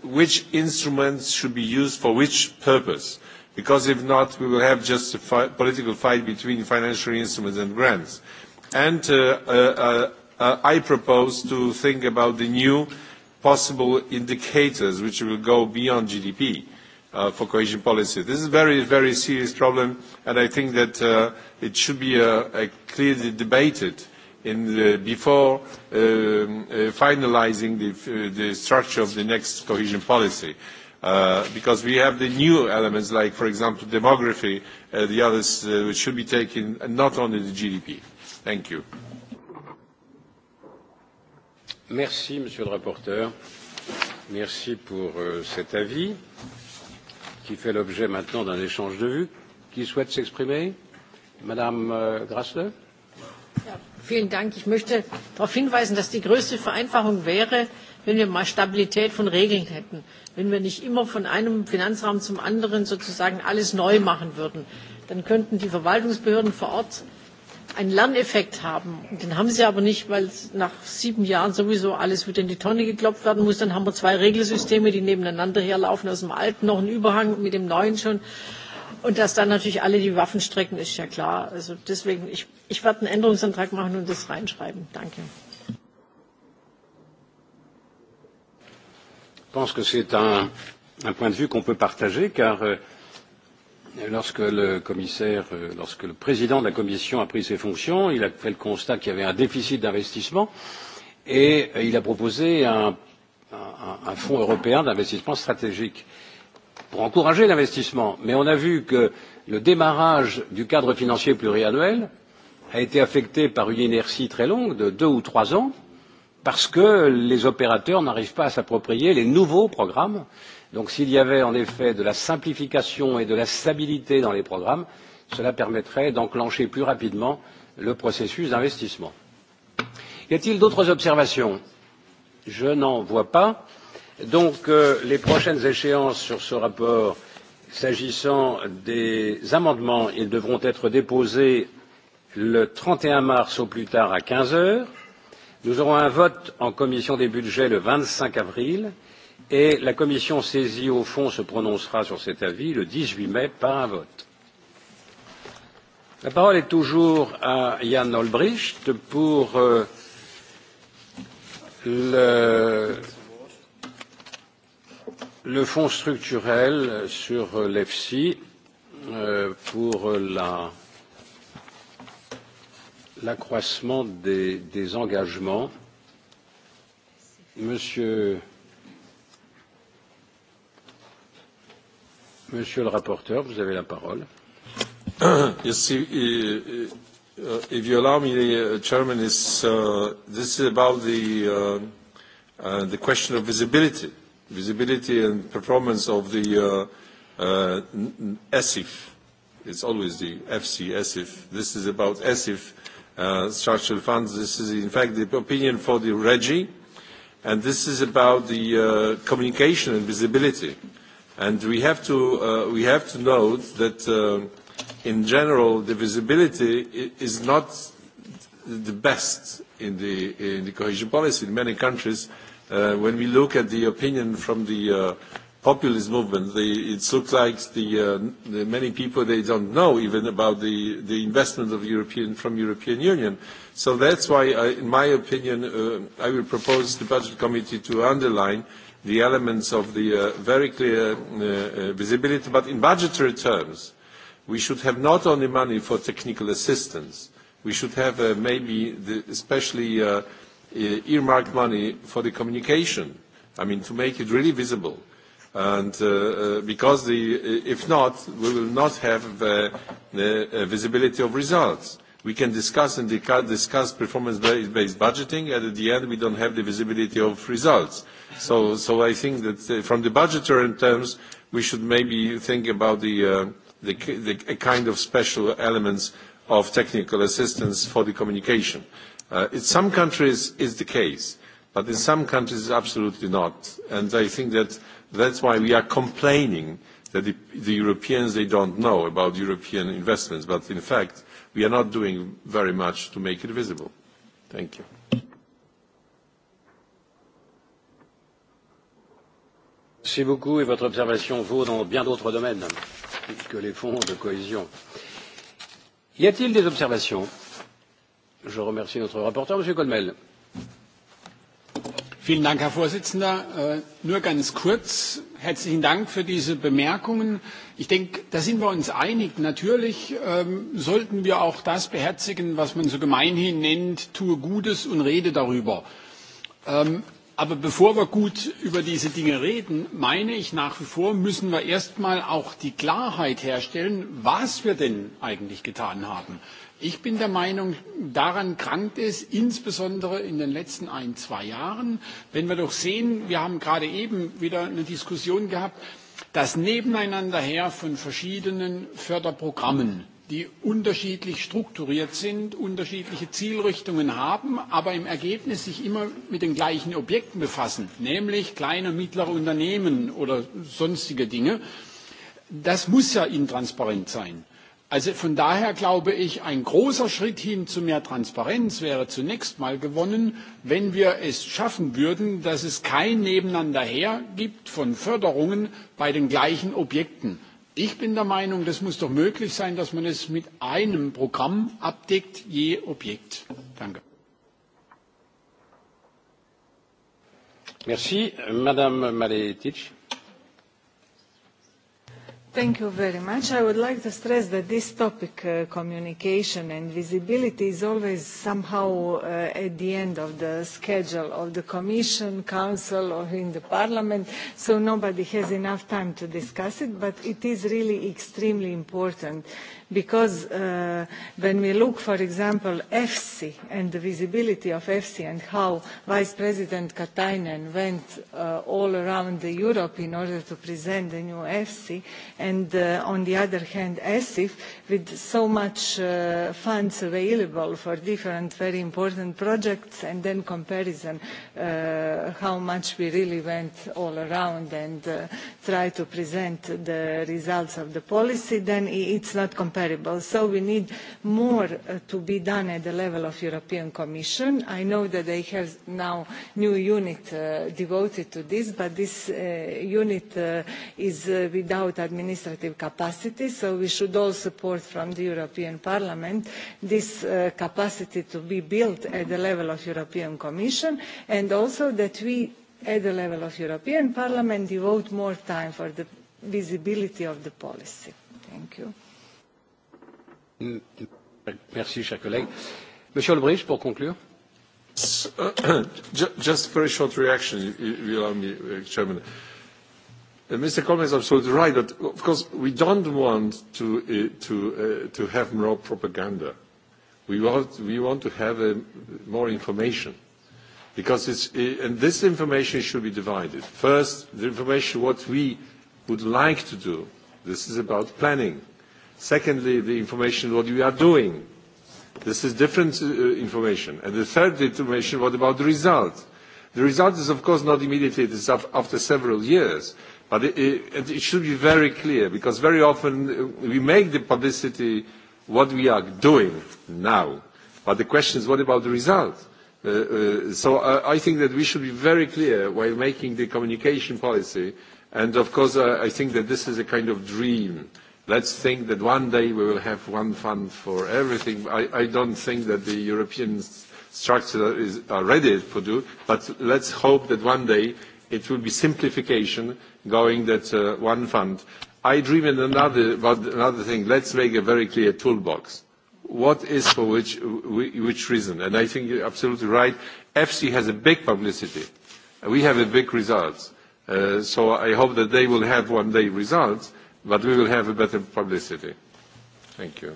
which instruments should be used for which purpose because if not we will have just a political fight between financial instruments and grants and uh, uh, uh, uh, i propose to think about the new possible indicators which will go beyond gdp uh, for cohesion policy this is a very very serious problem and i think that uh, it should be clearly debated before uh, uh, finalizing uh, the, structure of the next cohesion policy. because we have the new elements like, for example, demography, the others which should be taken not only the GDP. Thank you. Merci, Monsieur le rapporteur. Merci pour euh, cet avis qui fait l'objet maintenant d'un échange de vues. Qui souhaite s'exprimer Madame euh, Grassle Vielen Dank. Ich möchte darauf hinweisen, dass die größte Vereinfachung wäre, wenn wir mal Stabilität von Regeln hätten, wenn wir nicht immer von einem Finanzrahmen zum anderen sozusagen alles neu machen würden. Dann könnten die Verwaltungsbehörden vor Ort einen Lerneffekt haben. Den haben sie aber nicht, weil nach sieben Jahren sowieso alles wieder in die Tonne geklopft werden muss. Dann haben wir zwei Regelsysteme, die nebeneinander herlaufen, aus dem alten noch einen Überhang mit dem neuen schon. Und dass dann natürlich alle die Waffen strecken, ist ja klar. Also deswegen, ich, ich werde einen Änderungsantrag machen und das reinschreiben. Danke. Je pense que c'est un, un point de vue qu'on peut partager, car euh, lorsque le commissaire, euh, lorsque le président de la Commission a pris ses fonctions, il a fait le constat qu'il y avait un déficit d'investissement et euh, il a proposé un, un, un fonds européen d'investissement stratégique pour encourager l'investissement mais on a vu que le démarrage du cadre financier pluriannuel a été affecté par une inertie très longue de deux ou trois ans parce que les opérateurs n'arrivent pas à s'approprier les nouveaux programmes. donc s'il y avait en effet de la simplification et de la stabilité dans les programmes cela permettrait d'enclencher plus rapidement le processus d'investissement. y a t il d'autres observations? je n'en vois pas. Donc, euh, les prochaines échéances sur ce rapport, s'agissant des amendements, ils devront être déposés le 31 mars au plus tard à 15 heures. Nous aurons un vote en commission des budgets le 25 avril et la commission saisie au fond se prononcera sur cet avis le 18 mai par un vote. La parole est toujours à Jan Olbricht pour euh, le le fonds structurel sur l'EFSI euh, pour la l'accroissement des, des engagements. Monsieur, monsieur le rapporteur, vous avez la parole. Merci. if, uh, if you allow me, uh, Chairman, is, uh, this is about the, uh, uh, the question of visibility visibility and performance of the uh, ESIF. Uh, It's always the FC, ESIF. This is about ESIF uh, structural funds. This is, in fact, the opinion for the REGI, and this is about the uh, communication and visibility. And we have to, we have to note that, in general, the visibility is not the best in the cohesion policy. In many countries, Uh, when we look at the opinion from the uh, populist movement, it looks like uh, the, many people they don't know even about the, the investment of European, from European Union. So that's why, I, in my opinion, I will propose the Budget Committee to underline the elements of the very clear visibility, but in budgetary terms, we should have not only money for technical assistance, we should have maybe the, especially Uh, earmarked money for the communication. I mean, to make it really visible. And uh, uh, because if not, we will not have the visibility of results. We can discuss and discuss performance-based budgeting, and at the end, we don't have the visibility of results. So, so I think that from the budgetary terms, we should maybe think about the, the, the kind of special elements of technical assistance for the communication. Uh, in some countries is the case, but in some countries it is absolutely not. And I think that that's why we are complaining that the, Europeans, they don't know about European investments. But in fact, we are not doing very much to make it visible. Thank you. Merci beaucoup et votre observation vaut dans bien d'autres domaines que les fonds de cohésion. Y a-t-il des observations je remercie notre rapporteur, Monsieur Colmel. Vielen Dank, Herr Vorsitzender. Äh, nur ganz kurz. Herzlichen Dank für diese Bemerkungen. Ich denke, da sind wir uns einig. Natürlich ähm, sollten wir auch das beherzigen, was man so gemeinhin nennt, tue Gutes und rede darüber. Ähm, Aber bevor wir gut über diese Dinge reden, meine ich nach wie vor, müssen wir erstmal auch die Klarheit herstellen, was wir denn eigentlich getan haben. Ich bin der Meinung, daran krankt es, insbesondere in den letzten ein, zwei Jahren. Wenn wir doch sehen, wir haben gerade eben wieder eine Diskussion gehabt, das Nebeneinanderher von verschiedenen Förderprogrammen die unterschiedlich strukturiert sind, unterschiedliche Zielrichtungen haben, aber im Ergebnis sich immer mit den gleichen Objekten befassen, nämlich kleine und mittlere Unternehmen oder sonstige Dinge. Das muss ja intransparent sein. Also von daher glaube ich, ein großer Schritt hin zu mehr Transparenz wäre zunächst mal gewonnen, wenn wir es schaffen würden, dass es kein Nebeneinander her gibt von Förderungen bei den gleichen Objekten. Ich bin der Meinung, das muss doch möglich sein, dass man es mit einem Programm abdeckt, je Objekt. Danke. Merci, Madame Thank you very much. I would like to stress that this topic, uh, communication and visibility, is always somehow uh, at the end of the schedule of the Commission, Council or in the Parliament, so nobody has enough time to discuss it, but it is really extremely important because uh, when we look for example efsi and the visibility of efsi and how vice president katainen went uh, all around the europe in order to present the new efsi and uh, on the other hand esif with so much uh, funds available for different very important projects and then comparison uh, how much we really went all around and uh, tried to present the results of the policy then it's not comparable. So we need more uh, to be done at the level of the European Commission. I know that they have now new unit uh, devoted to this, but this uh, unit is without administrative capacity, so we should all support from the European Parliament this capacity to be built at the level of the European Commission and also that we at the level of European Parliament devote more time for the visibility of the policy. Thank you. Merci, cher collègue. Monsieur Olbrich, pour conclure. Just a uh, very short reaction, if you allow me, uh, Chairman. Uh, Mr. Coleman is absolutely right that, of course, we don't want to, to, uh, to have more propaganda. We want, we want to have uh, more information because it's, and this information should be divided. First, the information what we would like to do. This is about planning Secondly, the information what we are doing. This is different uh, information. And the third information, what about the result? The result is, of course, not immediately. It is after several years. But it, it, it should be very clear, because very often uh, we make the publicity what we are doing now. But the question is, what about the result? Uh, uh, so I, uh, I think that we should be very clear while making the communication policy. And, of course, uh, I think that this is a kind of dream Let's think that one day we will have one fund for everything. I, I don't think that the European structure is are ready for do, but let's hope that one day it will be simplification going that uh, one fund. I dream in another, about another thing. Let's make a very clear toolbox. What is for which, reason? And I think you're absolutely right. EFSI has a big publicity. We have a big results. Uh, so I hope that they will have one day results but we will have a better publicity. Thank you.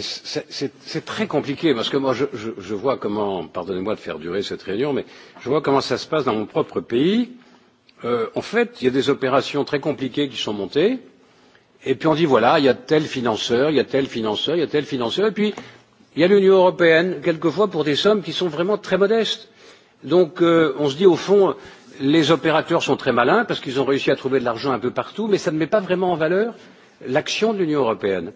C'est très compliqué parce que moi je, je, je vois comment, pardonnez-moi de faire durer cette réunion, mais je vois comment ça se passe dans mon propre pays. Euh, en fait, il y a des opérations très compliquées qui sont montées et puis on dit voilà, il y a tel financeur, il y a tel financeur, il y a tel financeur et puis il y a l'Union européenne, quelquefois pour des sommes qui sont vraiment très modestes. Donc euh, on se dit au fond, les opérateurs sont très malins parce qu'ils ont réussi à trouver de l'argent un peu partout mais ça ne met pas vraiment en valeur l'action de l'union européenne.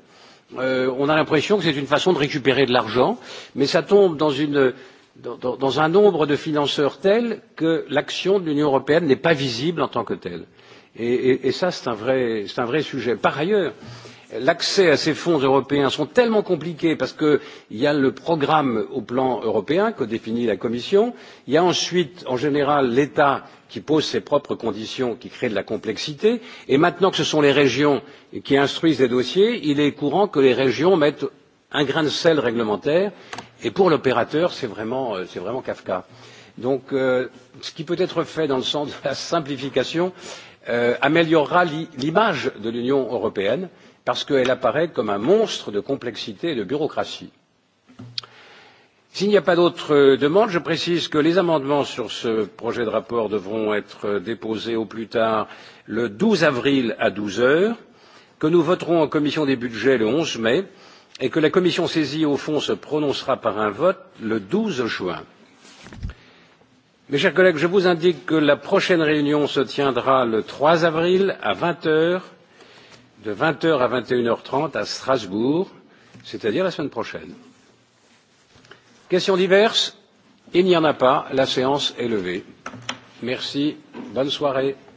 Euh, on a l'impression que c'est une façon de récupérer de l'argent mais ça tombe dans, une, dans, dans un nombre de financeurs tel que l'action de l'union européenne n'est pas visible en tant que telle et, et, ça c'est un, vrai, un vrai sujet. par ailleurs l'accès à ces fonds européens sont tellement compliqués parce qu'il y a le programme au plan européen que définit la commission il y a ensuite en général l'état qui pose ses propres conditions qui crée de la complexité et maintenant que ce sont les régions qui instruisent les dossiers il est courant que les régions mettent un grain de sel réglementaire et pour l'opérateur c'est vraiment, euh, vraiment kafka. donc euh, ce qui peut être fait dans le sens de la simplification euh, améliorera l'image de l'union européenne parce qu'elle apparaît comme un monstre de complexité et de bureaucratie. S'il n'y a pas d'autres euh, demandes, je précise que les amendements sur ce projet de rapport devront être euh, déposés au plus tard le 12 avril à 12 heures, que nous voterons en commission des budgets le 11 mai et que la commission saisie au fond se prononcera par un vote le 12 juin. Mes chers collègues, je vous indique que la prochaine réunion se tiendra le 3 avril à 20 heures de vingt heures à vingt 21 h trente à Strasbourg, c'est-à-dire la semaine prochaine. Questions diverses Il n'y en a pas. La séance est levée. Merci. Bonne soirée.